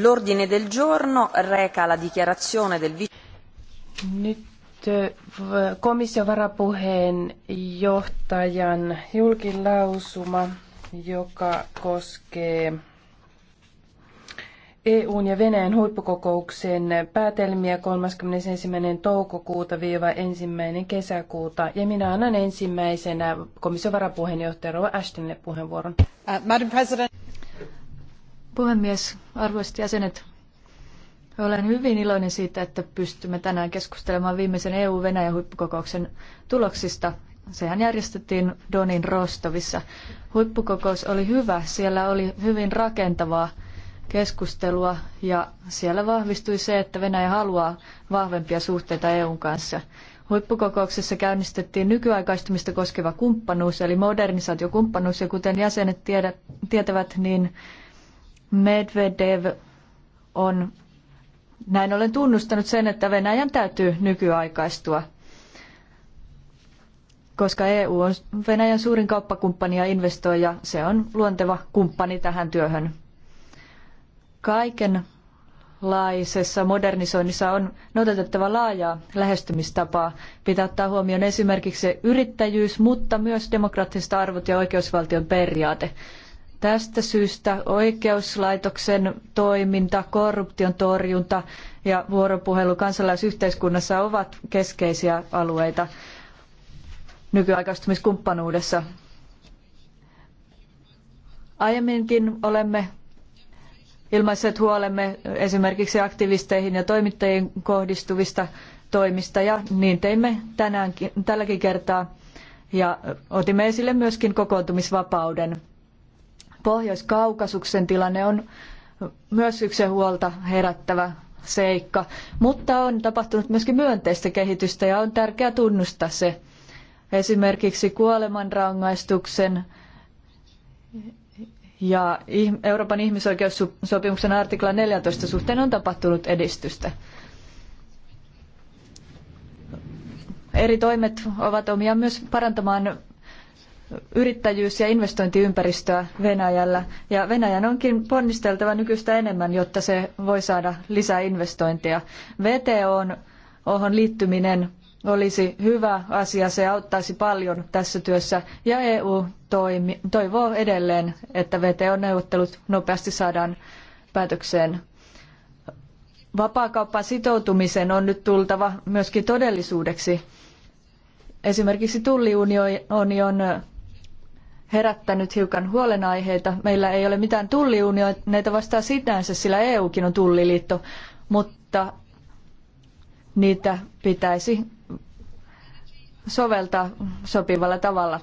L'ordine del giorno reca la dichiarazione del vice... Nyt äh, komission varapuheen johtajan julkilausuma, joka koskee EUn ja Venäjän huippukokouksen päätelmiä 31. toukokuuta viiva 1. kesäkuuta. Ja minä annan ensimmäisenä komission varapuheenjohtaja Rova Ashtonille puheenvuoron. Uh, Madam President. Puhemies, arvoisat jäsenet, olen hyvin iloinen siitä, että pystymme tänään keskustelemaan viimeisen EU-Venäjä-huippukokouksen tuloksista. Sehän järjestettiin Donin Rostovissa. Huippukokous oli hyvä, siellä oli hyvin rakentavaa keskustelua ja siellä vahvistui se, että Venäjä haluaa vahvempia suhteita EUn kanssa. Huippukokouksessa käynnistettiin nykyaikaistumista koskeva kumppanuus eli modernisaatiokumppanuus ja kuten jäsenet tiedä, tietävät, niin Medvedev on näin olen tunnustanut sen, että Venäjän täytyy nykyaikaistua, koska EU on Venäjän suurin kauppakumppani ja investoija. Se on luonteva kumppani tähän työhön. Kaikenlaisessa modernisoinnissa on noudatettava laajaa lähestymistapaa. Pitää ottaa huomioon esimerkiksi yrittäjyys, mutta myös demokraattiset arvot ja oikeusvaltion periaate. Tästä syystä oikeuslaitoksen toiminta, korruption torjunta ja vuoropuhelu kansalaisyhteiskunnassa ovat keskeisiä alueita nykyaikaistumiskumppanuudessa. Aiemminkin olemme ilmaisseet huolemme esimerkiksi aktivisteihin ja toimittajiin kohdistuvista toimista ja niin teimme tänäänkin, tälläkin kertaa ja otimme esille myöskin kokoontumisvapauden. Pohjois-Kaukasuksen tilanne on myös yksi huolta herättävä seikka, mutta on tapahtunut myöskin myönteistä kehitystä ja on tärkeää tunnustaa se. Esimerkiksi kuolemanrangaistuksen ja Euroopan ihmisoikeussopimuksen artikla 14 suhteen on tapahtunut edistystä. Eri toimet ovat omiaan myös parantamaan yrittäjyys- ja investointiympäristöä Venäjällä. Ja Venäjän onkin ponnisteltava nykyistä enemmän, jotta se voi saada lisää investointeja. WTO: ohon liittyminen olisi hyvä asia, se auttaisi paljon tässä työssä ja EU toimi, toivoo edelleen, että VTO-neuvottelut nopeasti saadaan päätökseen. Vapaakauppaan sitoutumisen on nyt tultava myöskin todellisuudeksi. Esimerkiksi on herättänyt hiukan huolenaiheita. Meillä ei ole mitään tulliunioita vastaan sitänsä, sillä EUkin on tulliliitto, mutta niitä pitäisi soveltaa sopivalla tavalla.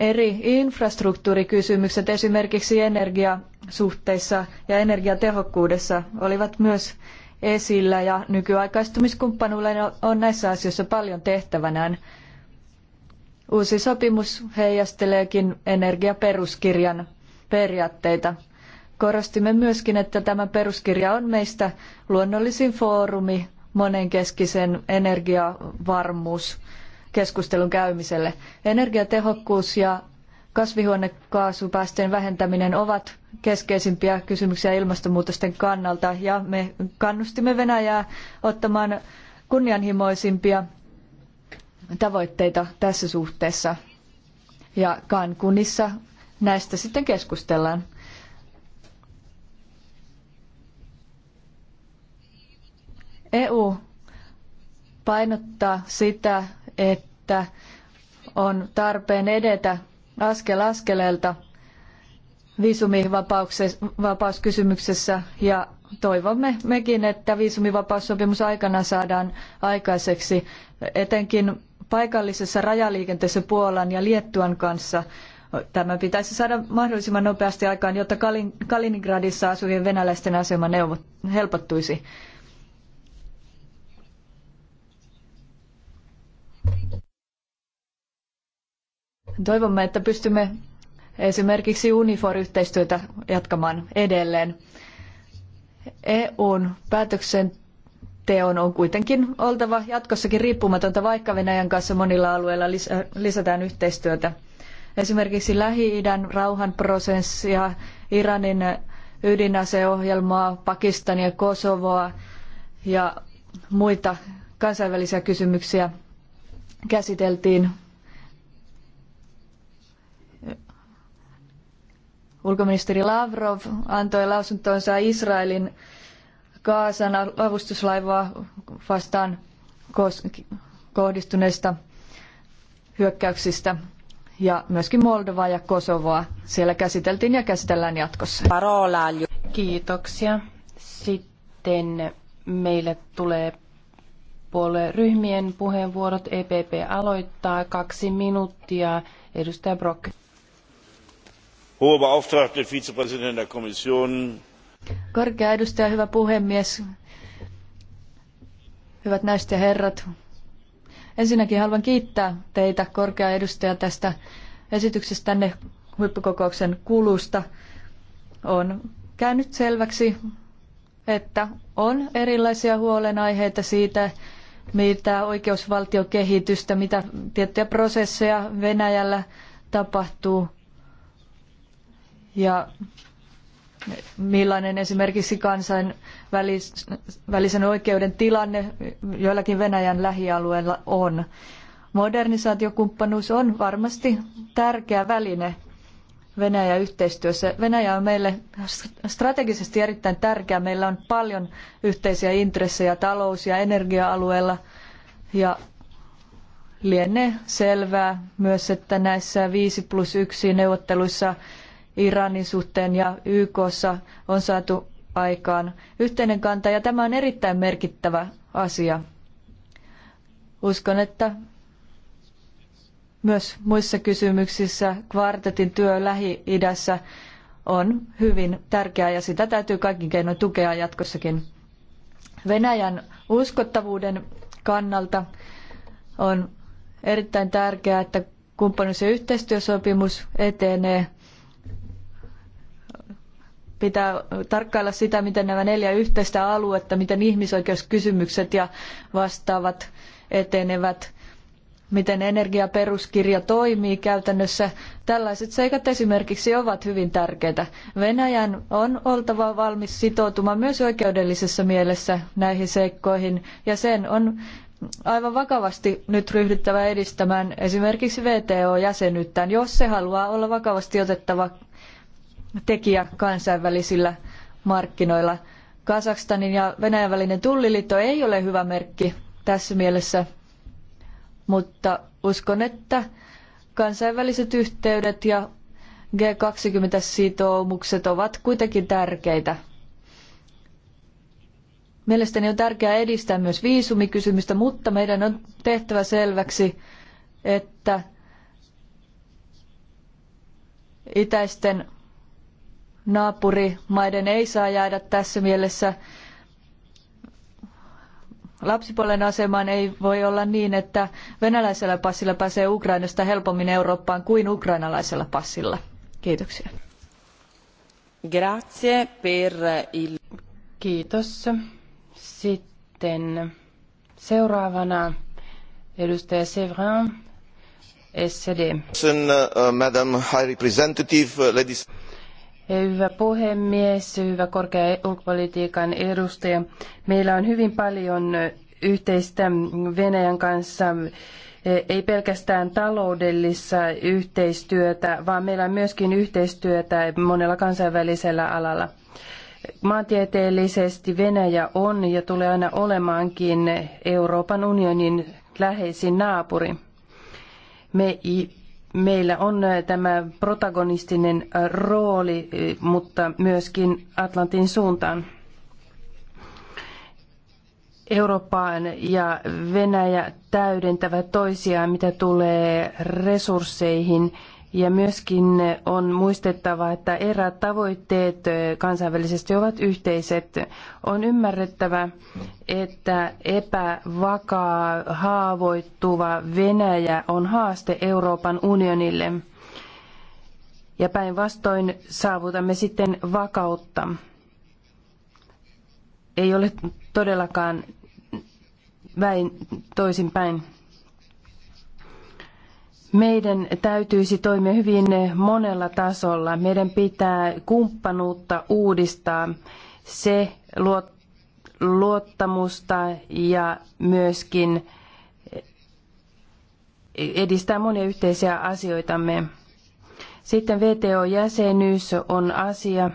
Eri infrastruktuurikysymykset esimerkiksi energiasuhteissa ja energiatehokkuudessa olivat myös esillä ja nykyaikaistumiskumppanuilla on näissä asioissa paljon tehtävänään. Uusi sopimus heijasteleekin energiaperuskirjan periaatteita. Korostimme myöskin, että tämä peruskirja on meistä luonnollisin foorumi monenkeskisen energiavarmuuskeskustelun käymiselle. Energiatehokkuus ja kasvihuonekaasupäästöjen vähentäminen ovat keskeisimpiä kysymyksiä ilmastonmuutosten kannalta ja me kannustimme Venäjää ottamaan kunnianhimoisimpia tavoitteita tässä suhteessa. Ja Kankunissa näistä sitten keskustellaan. EU painottaa sitä, että on tarpeen edetä askel askeleelta viisumivapauskysymyksessä ja toivomme mekin, että viisumivapaussopimus aikana saadaan aikaiseksi, etenkin paikallisessa rajaliikenteessä Puolan ja Liettuan kanssa. Tämä pitäisi saada mahdollisimman nopeasti aikaan, jotta Kaliningradissa asuvien venäläisten asema helpottuisi. Toivomme, että pystymme esimerkiksi UNIFOR-yhteistyötä jatkamaan edelleen. EUn päätöksen teon on kuitenkin oltava jatkossakin riippumatonta, vaikka Venäjän kanssa monilla alueilla äh, lisätään yhteistyötä. Esimerkiksi Lähi-idän rauhanprosessia, Iranin ydinaseohjelmaa, Pakistania, Kosovoa ja muita kansainvälisiä kysymyksiä käsiteltiin Ulkoministeri Lavrov antoi lausuntonsa Israelin Kaasan avustuslaivaa vastaan kohdistuneista hyökkäyksistä ja myöskin Moldovaa ja Kosovoa. Siellä käsiteltiin ja käsitellään jatkossa. Kiitoksia. Sitten meille tulee puolueryhmien puheenvuorot. EPP aloittaa kaksi minuuttia. Edustaja Brock. Hohe Beauftragte, Vizepräsident der Kommission, Korkea edustaja, hyvä puhemies, hyvät naiset ja herrat. Ensinnäkin haluan kiittää teitä, korkea edustaja, tästä esityksestä, tänne huippukokouksen kulusta. On käynyt selväksi, että on erilaisia huolenaiheita siitä, mitä oikeusvaltiokehitystä, mitä tiettyjä prosesseja Venäjällä tapahtuu. Ja millainen esimerkiksi kansainvälisen oikeuden tilanne joillakin Venäjän lähialueilla on. Modernisaatiokumppanuus on varmasti tärkeä väline Venäjä yhteistyössä. Venäjä on meille strategisesti erittäin tärkeä. Meillä on paljon yhteisiä intressejä talous- ja energia-alueella ja lienee selvää myös, että näissä 5 plus 1 neuvotteluissa Iranin suhteen ja YKssa on saatu aikaan yhteinen kanta ja tämä on erittäin merkittävä asia. Uskon, että myös muissa kysymyksissä kvartetin työ Lähi-idässä on hyvin tärkeää ja sitä täytyy kaikin keinoin tukea jatkossakin. Venäjän uskottavuuden kannalta on erittäin tärkeää, että kumppanuus- ja yhteistyösopimus etenee Pitää tarkkailla sitä, miten nämä neljä yhteistä aluetta, miten ihmisoikeuskysymykset ja vastaavat etenevät, miten energiaperuskirja toimii käytännössä. Tällaiset seikat esimerkiksi ovat hyvin tärkeitä. Venäjän on oltava valmis sitoutumaan myös oikeudellisessa mielessä näihin seikkoihin, ja sen on aivan vakavasti nyt ryhdyttävä edistämään esimerkiksi VTO-jäsenyyttään, jos se haluaa olla vakavasti otettava tekijä kansainvälisillä markkinoilla. Kazakstanin ja Venäjän välinen tulliliitto ei ole hyvä merkki tässä mielessä, mutta uskon, että kansainväliset yhteydet ja G20-sitoumukset ovat kuitenkin tärkeitä. Mielestäni on tärkeää edistää myös viisumikysymystä, mutta meidän on tehtävä selväksi, että itäisten naapurimaiden ei saa jäädä tässä mielessä lapsipuolen asemaan ei voi olla niin, että venäläisellä passilla pääsee Ukrainasta helpommin Eurooppaan kuin ukrainalaisella passilla. Kiitoksia. Grazie per il... Kiitos. Sitten seuraavana edustaja Sevran, SED. Madam High Representative, ladies... Hyvä puhemies, hyvä korkea ulkopolitiikan edustaja. Meillä on hyvin paljon yhteistä Venäjän kanssa, ei pelkästään taloudellista yhteistyötä, vaan meillä on myöskin yhteistyötä monella kansainvälisellä alalla. Maantieteellisesti Venäjä on ja tulee aina olemaankin Euroopan unionin läheisin naapuri. Me meillä on äh, tämä protagonistinen äh, rooli, äh, mutta myöskin Atlantin suuntaan. Eurooppaan ja Venäjä täydentävät toisiaan, mitä tulee resursseihin ja myöskin on muistettava, että eräät tavoitteet kansainvälisesti ovat yhteiset. On ymmärrettävä, että epävakaa, haavoittuva Venäjä on haaste Euroopan unionille. Ja päinvastoin saavutamme sitten vakautta. Ei ole todellakaan väin toisinpäin. Meidän täytyisi toimia hyvin monella tasolla. Meidän pitää kumppanuutta uudistaa. Se luo luottamusta ja myöskin edistää monia yhteisiä asioitamme. Sitten VTO-jäsenyys on asia,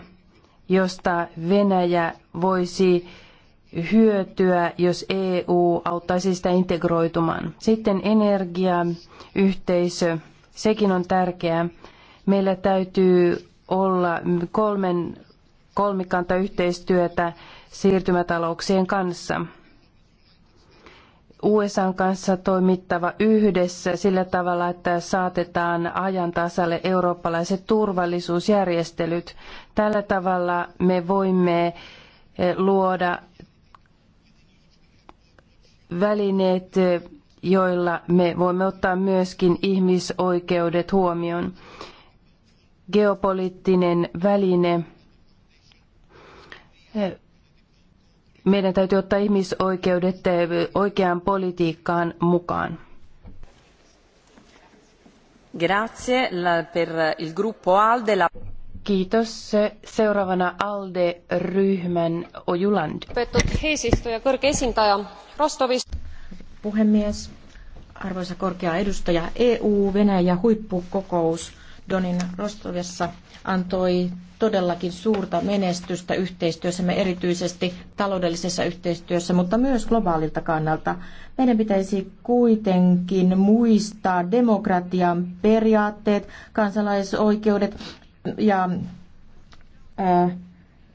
josta Venäjä voisi hyötyä, jos EU auttaisi sitä integroitumaan. Sitten energia-yhteisö, sekin on tärkeää. Meillä täytyy olla kolmen kolmikanta yhteistyötä siirtymätalouksien kanssa. USAn kanssa toimittava yhdessä sillä tavalla, että saatetaan ajan tasalle eurooppalaiset turvallisuusjärjestelyt. Tällä tavalla me voimme eh, luoda välineet, joilla me voimme ottaa myöskin ihmisoikeudet huomioon. Geopoliittinen väline. Meidän täytyy ottaa ihmisoikeudet eh, oikeaan politiikkaan mukaan. Grazie per il gruppo ALDE. La... Kiitos. Seuraavana ALDE-ryhmän Ojuland. Heisistuja, korkeisintaja Rostovista. Puhemies, arvoisa korkea edustaja, EU-Venäjä huippukokous Donin Rostovissa antoi todellakin suurta menestystä yhteistyössämme, erityisesti taloudellisessa yhteistyössä, mutta myös globaalilta kannalta. Meidän pitäisi kuitenkin muistaa demokratian periaatteet, kansalaisoikeudet ja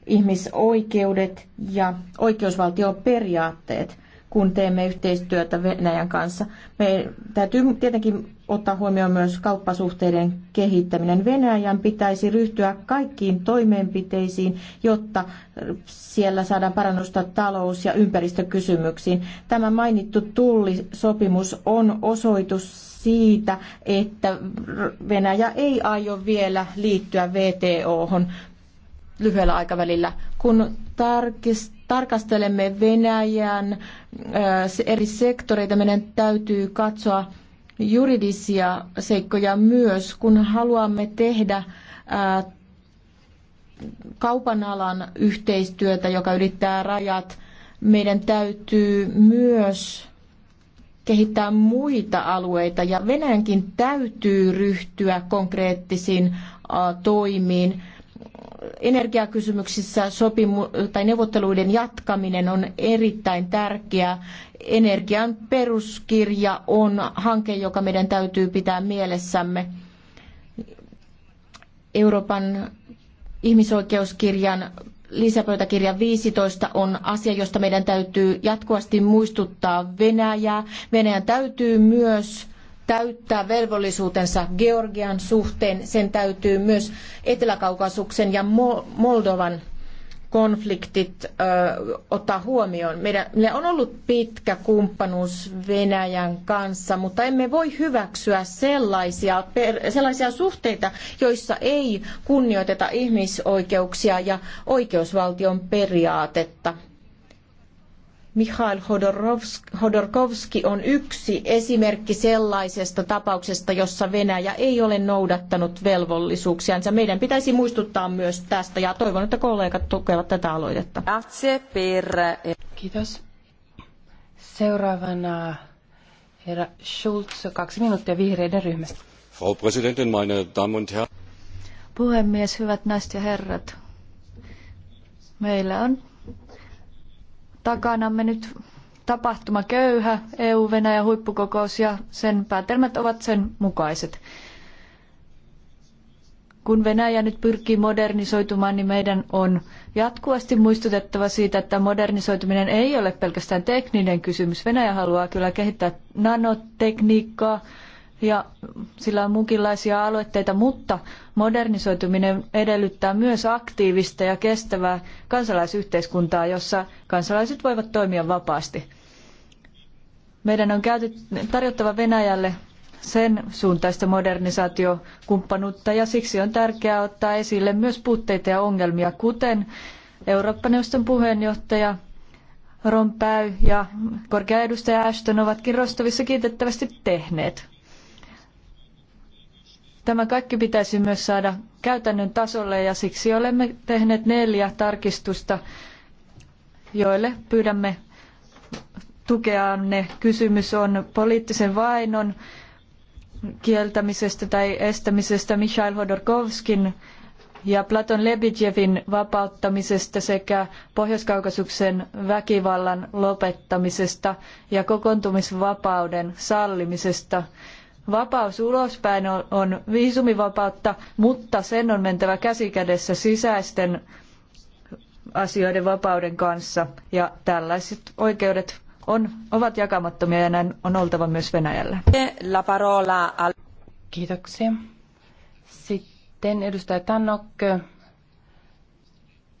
ihmisoikeudet ja oikeusvaltioperiaatteet kun teemme yhteistyötä Venäjän kanssa. Me täytyy tietenkin ottaa huomioon myös kauppasuhteiden kehittäminen. Venäjän pitäisi ryhtyä kaikkiin toimenpiteisiin, jotta siellä saadaan parannusta talous- ja ympäristökysymyksiin. Tämä mainittu tullisopimus on osoitus siitä, että Venäjä ei aio vielä liittyä VTO-hon lyhyellä aikavälillä. Kun tarkist tarkastelemme Venäjän eri sektoreita, meidän täytyy katsoa juridisia seikkoja myös, kun haluamme tehdä kaupan alan yhteistyötä, joka ylittää rajat. Meidän täytyy myös kehittää muita alueita ja Venäjänkin täytyy ryhtyä konkreettisiin toimiin energiakysymyksissä sopimu- tai neuvotteluiden jatkaminen on erittäin tärkeää. Energian peruskirja on hanke, joka meidän täytyy pitää mielessämme. Euroopan ihmisoikeuskirjan lisäpöytäkirja 15 on asia, josta meidän täytyy jatkuvasti muistuttaa Venäjää. Venäjän täytyy myös täyttää velvollisuutensa Georgian suhteen. Sen täytyy myös Etelä-Kaukasuksen ja Moldovan konfliktit ö, ottaa huomioon. Meidän, meillä on ollut pitkä kumppanuus Venäjän kanssa, mutta emme voi hyväksyä sellaisia, per, sellaisia suhteita, joissa ei kunnioiteta ihmisoikeuksia ja oikeusvaltion periaatetta. Mikhail Hodorkovski on yksi esimerkki sellaisesta tapauksesta, jossa Venäjä ei ole noudattanut velvollisuuksiansa. Meidän pitäisi muistuttaa myös tästä ja toivon, että kollegat tukevat tätä aloitetta. Kiitos. Seuraavana herra Schulz, kaksi minuuttia vihreiden ryhmästä. Frau Präsidentin, meine Damen und Herren. Puhemies, hyvät naiset ja herrat. Meillä on takanamme nyt tapahtuma köyhä EU-Venäjä huippukokous ja sen päätelmät ovat sen mukaiset. Kun Venäjä nyt pyrkii modernisoitumaan, niin meidän on jatkuvasti muistutettava siitä, että modernisoituminen ei ole pelkästään tekninen kysymys. Venäjä haluaa kyllä kehittää nanotekniikkaa, ja sillä on muunkinlaisia aloitteita, mutta modernisoituminen edellyttää myös aktiivista ja kestävää kansalaisyhteiskuntaa, jossa kansalaiset voivat toimia vapaasti. Meidän on käyty, tarjottava Venäjälle sen suuntaista modernisaatiokumppanuutta ja siksi on tärkeää ottaa esille myös puutteita ja ongelmia, kuten Eurooppa-neuvoston puheenjohtaja Rompäy ja korkea edustaja Ashton ovatkin Rostovissa kiitettävästi tehneet. Tämä kaikki pitäisi myös saada käytännön tasolle ja siksi olemme tehneet neljä tarkistusta, joille pyydämme tukeanne. Kysymys on poliittisen vainon kieltämisestä tai estämisestä Mikhail Hodorkovskin ja Platon Lebedjevin vapauttamisesta sekä Pohjois-Kaukasuksen väkivallan lopettamisesta ja kokoontumisvapauden sallimisesta. Vapaus ulospäin on, on viisumivapautta, mutta sen on mentävä käsikädessä sisäisten asioiden vapauden kanssa. Ja tällaiset oikeudet on, ovat jakamattomia ja näin on oltava myös Venäjällä. La parola al... Kiitoksia. Sitten edustaja Tannok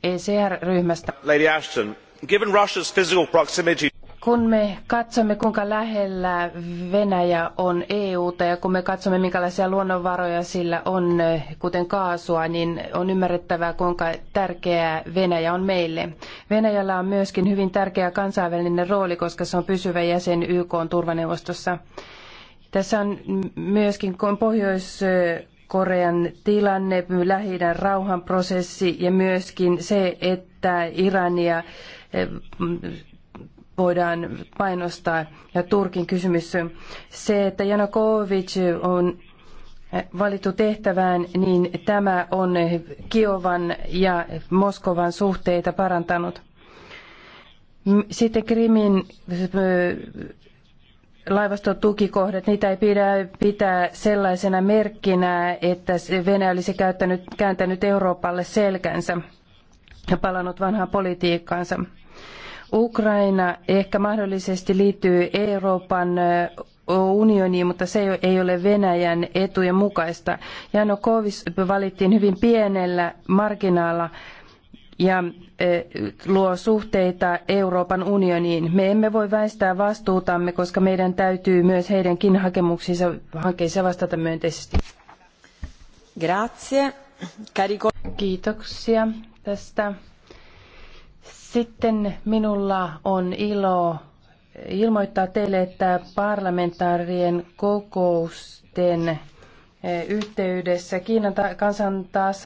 ECR-ryhmästä. Lady Ashton, given Russia's physical proximity kun me katsomme, kuinka lähellä Venäjä on EUta ja kun me katsomme, minkälaisia luonnonvaroja sillä on, kuten kaasua, niin on ymmärrettävää, kuinka tärkeää Venäjä on meille. Venäjällä on myöskin hyvin tärkeä kansainvälinen rooli, koska se on pysyvä jäsen YK n turvaneuvostossa. Tässä on myöskin Pohjois Korean tilanne, lähi rauhanprosessi ja myöskin se, että Irania eh, voidaan painostaa. Ja Turkin kysymys, se, että Janukovic on valittu tehtävään, niin tämä on Kiovan ja Moskovan suhteita parantanut. Sitten Krimin laivaston tukikohdat, niitä ei pidä pitää sellaisena merkkinä, että Venäjä olisi käyttänyt, kääntänyt Euroopalle selkänsä ja palannut vanhaan politiikkaansa. Ukraina ehkä mahdollisesti liittyy Euroopan unioniin, mutta se ei ole Venäjän etujen mukaista. Janukovis valittiin hyvin pienellä marginaalilla ja luo suhteita Euroopan unioniin. Me emme voi väistää vastuutamme, koska meidän täytyy myös heidänkin hakemuksiinsa hankkeissa vastata myönteisesti. Grazie. Kiitoksia tästä sitten minulla on ilo ilmoittaa teille, että parlamentaarien kokousten eh, yhteydessä Kiinan kansan taas